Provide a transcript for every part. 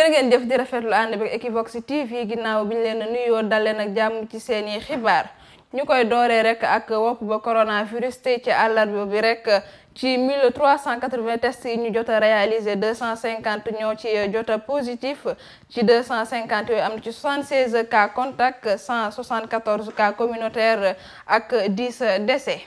jërë ngeen jëf di rafetlu ànd bi Equivox TV ginnaaw bi ñu leen nuyoo daleen ak jàmm ci seeni xibaar ñu koy dooree rek ak wopp ba coronavirus te ci àllarba bi rek ci 1380 tests yi ñu jot a réalisé 250 ñoo ci jot a positif ci 250 yooyu am na ci 76 cas contact 174 cas communautaire ak 10 décès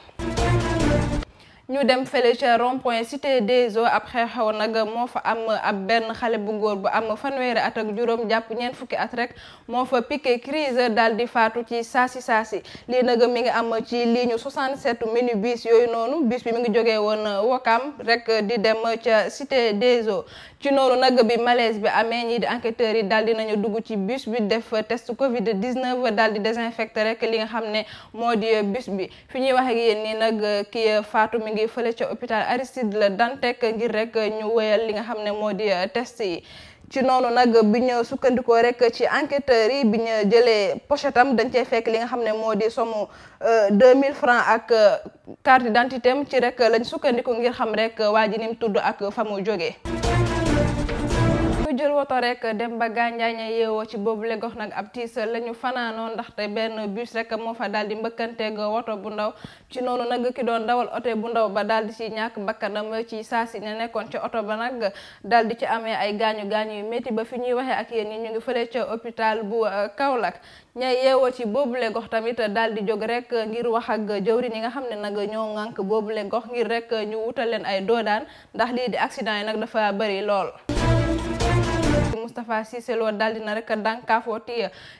ñu dem fële ca rond point cité des eaux après xew nag moo fa am ab benn xale bu góor bu am fanweeri at ak juróom jàpp ñeent fukki at rek moo fa piqué crise daal di faatu ci saasi saasi lii nag mi ngi am ci ligne 67 mini bus yooyu noonu bus bi mi ngi jógee woon Wakaam rek di dem ca cité des eaux ci noonu nag bi malaise bi amee ñii di enquêteurs yi daal di nañu dugg ci bis bi def test Covid 19 daal di désinfecté rek li nga xam ne moo di bus bi fi ñuy wax nag kii ngi fële ca hôpital Aristide la Dantec ngir rek ñu woyal li nga xam ne moo di euh, test yi ci noonu nag bi ñu sukkandikoo rek ci enquêteurs yi bi ñu jëlee pochette am dañ cee fekk li nga xam ne moo di somme euh, mille francs ak euh, carte d'identité am ci rek lañ sukkandiku ngir xam rek waa ji ni tudd ak fa mu jógee. jël woto rek dem ba gànjaaña yeewoo ci boobule gox nag ab tiis la ñu fanaanoo ndaxte benn bus rek moo fa daal di mbëkkanteeg woto bu ndaw ci noonu nag ki doon dawal oto bu ndaw ba daal di ci ñàkk bakkanam ci saa si ne nekkoon ci oto ba nag daal di ci amee ay gaañu gaañu yu métti ba fi ñuy waxee ak yéen ñi ñu ngi fële ca hôpital bu uh, Kaolack ña yeewoo ci boobule gox tamit daal di jóg rek ngir wax ak jëwriñ yi nga xam ne nag ñoo boobu boobule gox ngir rek ñu wutal leen ay doodaan ndax lii di accident yi nag dafa bari lool mustapha Cissé Lo daal dina rek dànkaafooti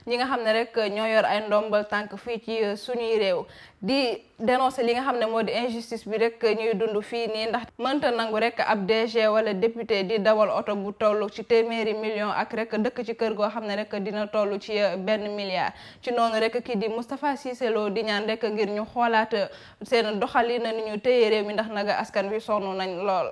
ñi nga xam ne rek ñoo yor ay ndombal tànk fii ci suñuy réew di dénoncer li nga xam ne moo di injustice bi rek ñuy dund fii nii ndax mënta nangu rek ab DG wala député di dawal oto bu toll ci téeméeri million ak rek dëkk ci kër goo xam ne rek dina toll ci benn milliard ci noonu rek kii di Moustapha Cissé Lo di ñaan rek ngir ñu xoolaat seen doxalin na ni ñu téye réew mi ndax naga askan wi sonn nañ lool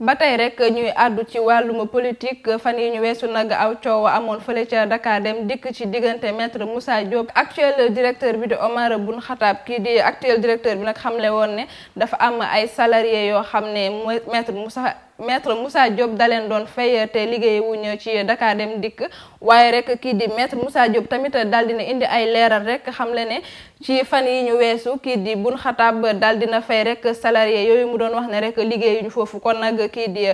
ba tey rek ñuy àddu ci wàllum politique fan yi ñu weesu nag aw coow amoon fële ca dem dikk ci diggante maître Moussa Diop actuel directeur bi di Omar Boun Khattab kii di actuel directeur bi nag xam le woon ne dafa am ay salariés yoo xam ne maître Moussa maître Moussa Diop daleen doon fay te liggéey wuñ ci Dakar dem dikk waaye rek kii di maître Moussa Diop tamit dal dina indi ay leeral rek xam le ne ci fan yi ñu weesu kii di Boun Khatab daal dina fay rek salarie yooyu mu doon wax ne rek liggéeyuñu foofu kon nag kii di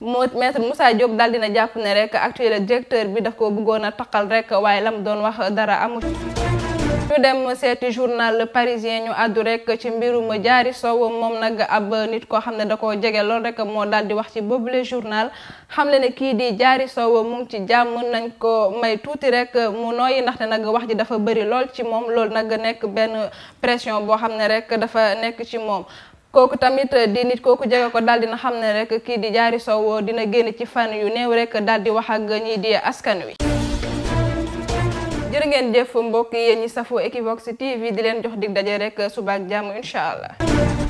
moo maître Moussa Diop daal dina jàpp ne rek actuel directeur bi daf ko bëggoon a taqal rek waaye la doon wax dara amu ñu dem seeti journal parisien ñu àddu rek ci mbirum jaari Sow moom nag ab nit koo xam ne da koo jege lool rek moo daal di wax ci boobule journal xam le ne kii di Diary Sow mu ci jàmm nañ ko may tuuti rek mu nooyi ndaxte nag wax ji dafa bëri lool ci moom loolu nag nekk benn pression boo xam ne rek dafa nekk ci moom. kooku tamit di nit kooku jege ko daal dina xam ne rek kii di jaari Sow dina génn ci fan yu néew rek daal di wax ak ñii di askan wi. jërë ngeen jëf mbokk yi yéen ñi safoo Equivox TV di leen jox dig daje rek suba ak jàmm incha allah.